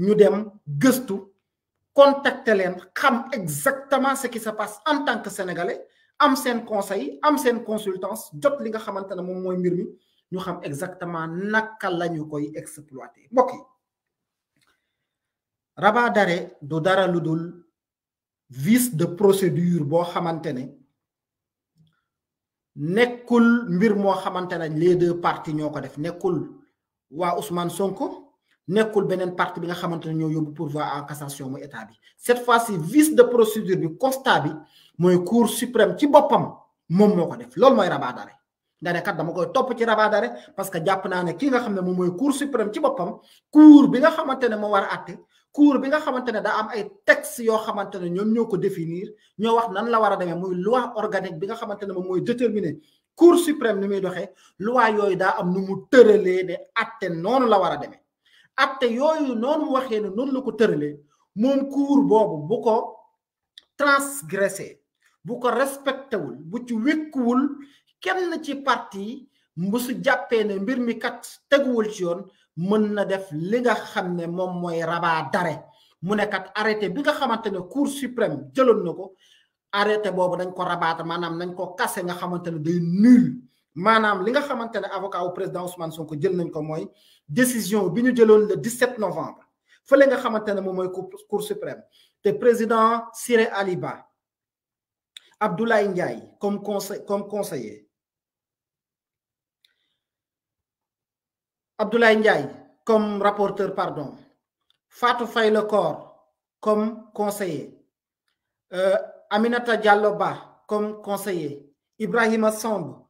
ñu dem gëstu contacter len xam exactement ce qui se passe en tant que sénégalais am sen conseil am sen consultance jot li nga xamantene mom moy mbir mi ñu xam exactement naka lañu koy exploiter mbokk raba rabat d'arrêt du dara lu vice de procédure bo xamantene nekul mbir mo xamantene les deux parties ñoko def nekul wa Ousmane Sonko nekul benen parti bi nga xamantene ne ñoo yóbbu pourvoi en cassation muy état bi cette fois-ci vice de procédure bi constat bi moy cour suprême ci bopam mom moko def loolu moy rabat d'arrêt nga ne kat dama koy top ci rabat parce que jàpp naa ne ki nga xam mom moy cour suprême ci bopam cour bi nga xamantene mo war a cour bi nga xamantene da am ay texte yo xamantene ñom ñoko ko définir ñoo wax nan la warademe démé moy loi organique bi nga xamantene mom moy déterminer cour suprême ni muy doxé loi yooyu da am nu mu tëralee ne àtte la wara démé atte yooyu noonu mu waxee ne noonu la ko tëralee moom cours boobu bu ko transgressé bu ko respecté wul bu ci wékkuwul kenn ci parti bu jàppee ne mbir mi kat teguwul ci yoon mën na def li nga xam ne moom mooy rabat d'arrêt mu ne kat bi nga xamante ne cour suprême jëloon na ko arrêté boobu dañ ko rabaata maanaam dañ ko kase nga xamante ne day nul Madame, li nga avocat président Ousmane Sonko jël nañ ko décision bi le 17 novembre fele nga xamantene ne cour suprême le président Siré Aliba, Abdoulaye Ndiaye comme comme conseiller Abdoulaye Ndiaye comme rapporteur pardon Fatou Faye Lecor comme conseiller euh, Aminata Diallo comme conseiller Ibrahim Assam,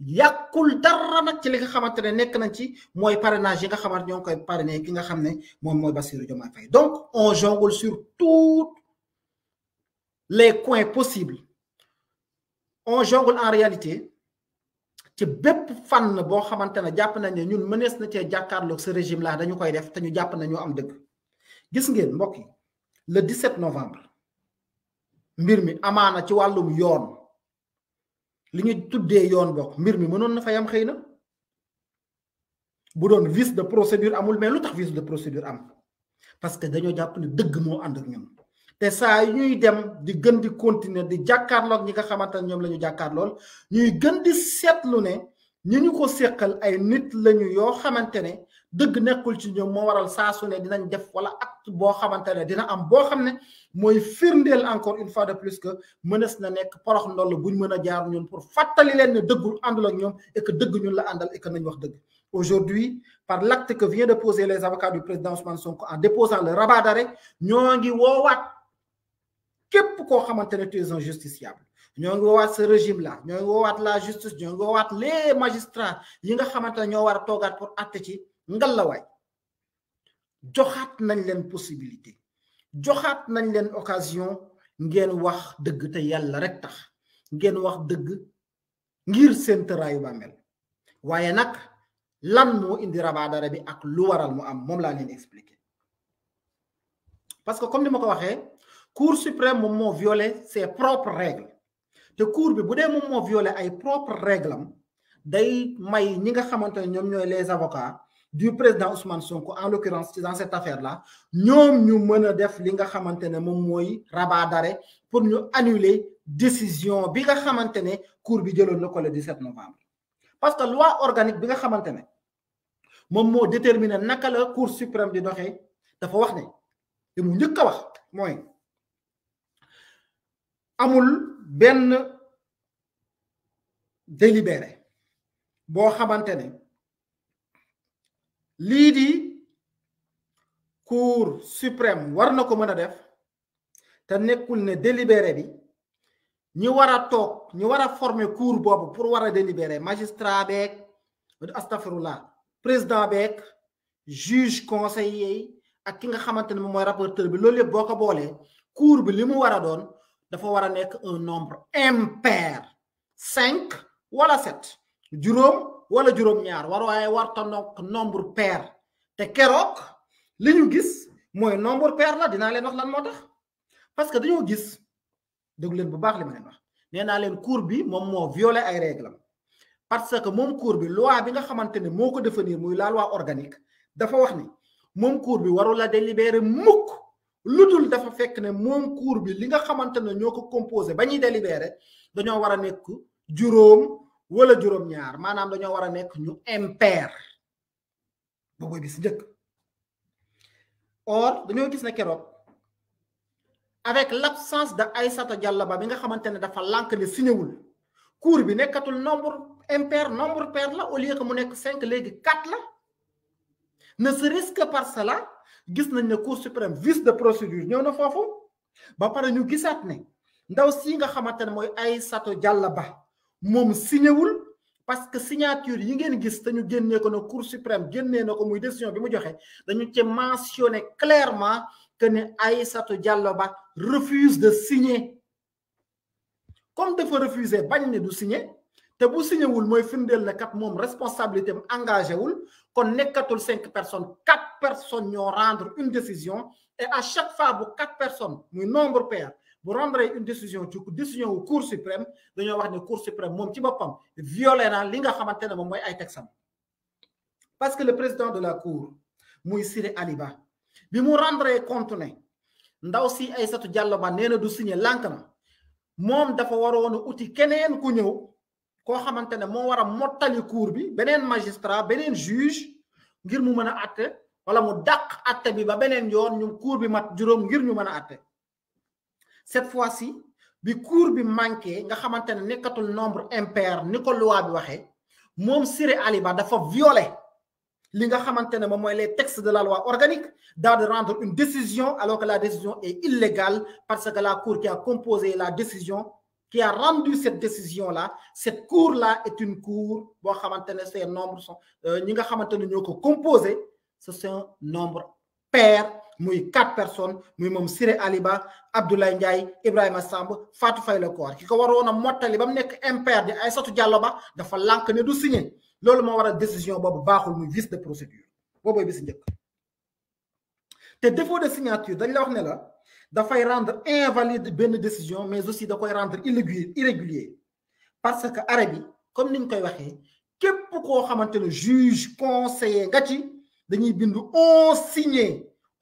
yakul dara nag ci li nga xamantene nek nekk nañ ci moy parrainage yi nga xamante ñoo ngi koy parrainé ki nga xam mom moy mooy Bassirou Diomaye Faye donc on jongle sur tout les coins possibles on jongle en réalité ci bép fan bo xamantene japp nañ ne ñun menes na ci jakarlo ce régime là dañu koy def te ñu japp na ñoo am dëgg gis ngeen mbokk le 17 novembre mbir mi amana ci walum yoon li ñu tuddee yoon bokk mbir mi mënoon na fa yam xëy na bu doon vice de procédure amul mais lu tax vice de procédure am parce que dañoo jàpp ne dëgg moo ànd ak ñun te saa ñuy dem di gën di continuer di jàkkaarloog ñi nga xamante ne ñoom la ñu jàkkaarlool ñuy gën di seetlu ne ñu ñu ko séqal ay nit lañu yoo xamante ne deug nekul ci ñoom mo waral saa su ne dinañ def wala acte bo xamantene dina am bo xamne moy firndel encore une fois de plus que menes na nek porox ndol buñ mëna jaar ñun pour fatali len ne dëggul àndul ak ñoom et que dëgg ñun la andal et que nañ wax dëgg aujourd'hui par l'acte que vient de poser les avocats du président Ousmane Sonko en déposant le rabat d'arrêt ñoo ngi woowaat képp ko xamantene ne tu es un justiciable ñoo ngi woowaat ce régime là ñoo ngi woowaat la justice ñoo ngi les magistrats yi nga xamantene ñoo war a pour àtte ci ngalawaay joxaat nañ leen possibilité joxaat nañ leen occasion ngeen wax dëgg te yàlla rek tax ngeen wax dëgg ngir seen tëraayu bàmmeel waaye nag lan moo indi rabaadara bi ak lu waral mu am moom laa leen expliqué parce que comme ni ma ko waxee cour suprême moom moo violé ses propres règles te cour bi bu dee moom moo violé ay propres règles am day may ñi nga xamante ne ñoom ñooy les avocats du président Ousmane Sonko en l'occurrence dans cette affaire là nous ñu fait ce def li nga xamante ne rabat d'arrêt pour ñu annuler décision bi nga xamante ne cour bi de ko le 17 novembre. parce que loi organique bi nga xamante ne moom moo déterminer naka cour suprême di doxee dafa wax ne et mu njëkk a wax mooy amul benn délibéré boo xamante ne lii di cour suprême war na ko mën a def te nekkul ne délibéré bi ñi war a toog ñi war a former cour boobu pour war a magistrat beeg astafirullah président beeg juge conseiller ak ki nga xamante ne moom mooy rapporteur bi loolu yëpp boo cour bi li mu war dafa war a un nombre impair cinq wala sept juróom wala juróom-ñaar war waaye warta nok nombre pair te keroog li ñu gis mooy nombre per la dinaa leen wax lan moo tax parce que dañoo gis déglu leen bu baax li ma leen wax nee naa leen cour bi moom moo violé ay règles parce que moom cour bi loi bi nga xamante ne moo ko définir muy laal loi organique dafa wax ni moom cour bi warul la délibéré mukk lu dul dafa fekk ne moom cour bi li nga xamante ne ñoo ko composé ba ñuy délibéré dañoo war a nekk juróom wala juróom-ñaar maanaam dañoo ñu impair or dañoo gis avec l'absence de Aïssata jallaba, bi nga xamante ne dafa lànk ne cours bi un, nombre impair nombre pair la au lieu que mu cinq léegi quatre la ne serait-ce que par cela gis nañ ne cour suprême vice de procédure ñëw na ba pare ñu gisaat ne ndaw si nga xamante ne mooy mom signewul parce que signature yi ngeen gis te ñu génnee ko na cour suprême génnee na ko muy décision bi mu joxé dañu ci mentionné clairement que né Aïssatou Diallo refuse de signer comme dafa refuser bañ né du signer te bu signewul moy findel na kat mom responsabilité am engagé wul kon nekkatul 5 personnes 4 personnes ñoo rendre une décision et à chaque fois bu 4 personnes muy nombre pair vous rendrez une décision ci décision au cour suprême dañoo wax ne cour suprême mon ci boppam violé na li nga xamante ne moom ay parce que le président de la cour muy Siré Aliba bi mu rendre compte ne ndaw si Aïssatou Diallo Ba nee na du signer lànk na moom dafa waroon a uti keneen ku ñëw koo xamante ne moo war cour bi beneen magistrat benen juge ngir mu mën a voilà wala mu dàq atte bi ba beneen yoon ñu cour bi mat juróom ngir ñu mën a cette fois-ci bi cours bi manqué nga xamante nekatul nombre impair ni ko loi bi waxé mom Siré Ali Ba dafa violer li nga xamante mom texte les textes de la loi organique daal de rendre une décision alors que la décision est illégale parce que la cour qui a composé la décision qui a rendu cette décision là cette cour là est une cour ce xamante ces nombres sont euh, ñi nga composé ce sont nombre pair muy quatre personnes muy mom Siré Aliba Abdoulaye Ndiaye Ibrahima Samb Fatou Faye la koor ki ko waroon a mottali ba mu nekk impair di Aïssatou Diallo ba dafa lànk ne du signé lolou mo waral décision bobu baxul muy vice de procédure boobooy bi si té défaut de signature dañ la wax né la fay rendre invalide ben décision mais aussi da koy rendre irrégulier irrégulier parce que arabi comme niñ koy waxé képp ko xamante le juge conseiller nga dañuy bindu on signé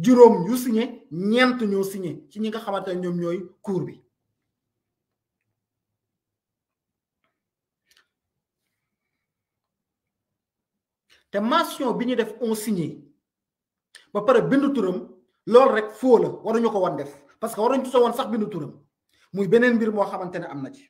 juróom ñu signé ñeent ñoo signé ci ñi nga xamante ne ñoom ñooy cour bi te mention bi ñu def on signé ba pare bindu turam loolu rek faux la waruñu ko wan def parce que waruñu ci soo woon sax bindu turam muy beneen mbir moo xamante ne am na ci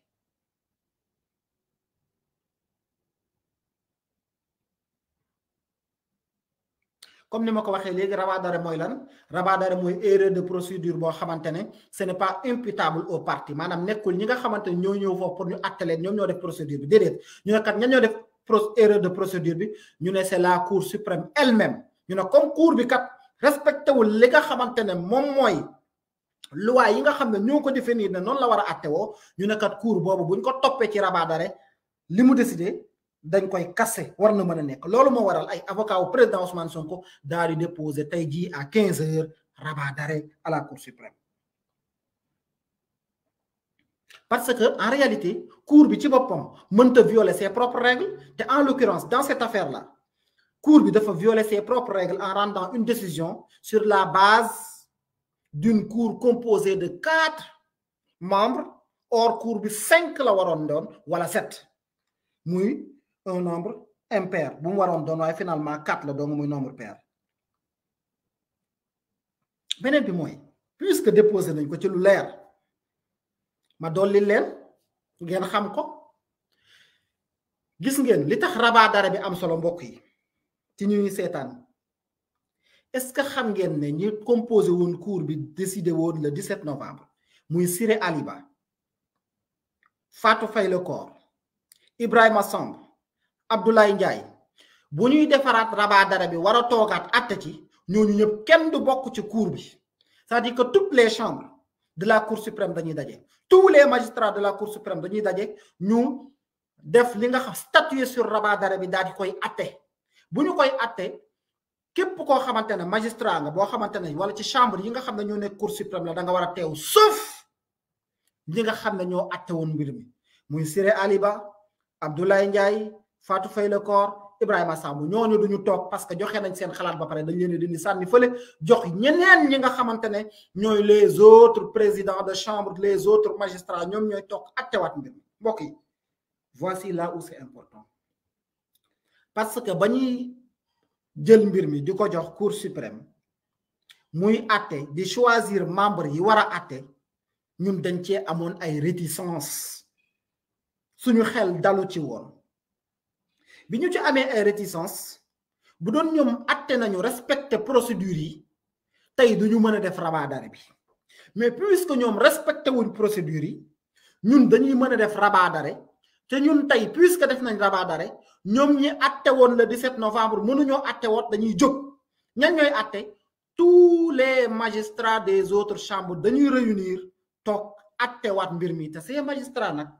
comme ni ma ko waxee léegi rabaadare mooy lan rabadare moy erreur de procédure bo xamantene ce n'est pas imputable au parti manam nekul ñi nga xamantene ñoo ñoo fo pour ñu atteler ñom ñoo def procédure bi déedéet ñu ne kat ñan ñoo def erreur de procédure bi ñu né c'est la cour suprême elle-même ñu ne comme cour bi kat respecté wul li nga xamantene mom moy loi yi nga xam ñoko définir né non la wara a atte ñu ne kat cour bobu buñ ko topé ci rabadare limu décider dañ koy cassé, war na mën a nekk waral ay avocat au président Ousmane Sonko daal déposé déposer à 15 h rabat d'arrêt à la Cour suprême. parce que en réalité cour bi ci mënta violer ses propres règles té en l'occurrence dans cette affaire là cour bi dafa violer ses propres règles en rendant une décision sur la base d'une cour composée de 4 membres or cour bi cinq la waron à wala sept muy un nombre impair Bon, mu waroon doon finalement 4 donc, doon nombre pair beneen bi mooy puisque déposé nañ ko ci lu leer ma dolli leen ngeen xam ko gis ngeen li tax rabat dara bi am solo mbokk yi ci ñuy est-ce que xam ngeen ne ñi composé woon cours bi décidé le 17 novembre muy Siré Aliba Fatou Faye Lecor Ibrahima Samb Abdoulaye Ndiaye bu ñuy defaraat rabat dara bi war a toogaat atte ci ñooñu ñëpp kenn du bokk ci cour bi sa à dire que toutes les chambres de la cour suprême dañuy daje tous les magistrats de la cour suprême dañuy daje ñu def li nga xam statuer sur rabat dara bi daal di koy atte bu ñu koy atte képp koo xamante ne magistrat nga boo xamante ne wala ci chambre yi nga xam ne ñoo nekk cour suprême la da nga war a teew sauf ñi nga xam ne ñoo àtte woon mbir mi Fatou Faye le corps Ibrahima Samu, ñoo du nous tok parce que joxé nañ seen xalaat ba paré dañ leen di ni sanni jox ñeneen ñi nga les autres présidents de chambre les autres magistrats voici là où c'est important parce que bañi jël mbir mi jox cour suprême muy de choisir membre yi ñun dañ ay réticence suñu bi ñu ci amé réticence bu nañu respecter procédure yi mais puisque nous respecter, wuñ procédure yi ñun dañuy puisque def nañ le 17 novembre nous des dañuy ñan tous les magistrats des autres chambres dañuy réunir nous mbir ces magistrats